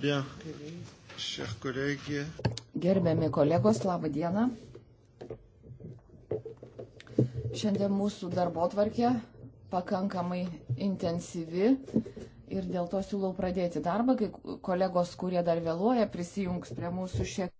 Bien, Gerbiami kolegos, laba diena. Šiandien mūsų darbo tvarkė pakankamai intensyvi ir dėl to siūlau pradėti darbą, kai kolegos, kurie dar vėluoja, prisijungs prie mūsų šiek tiek.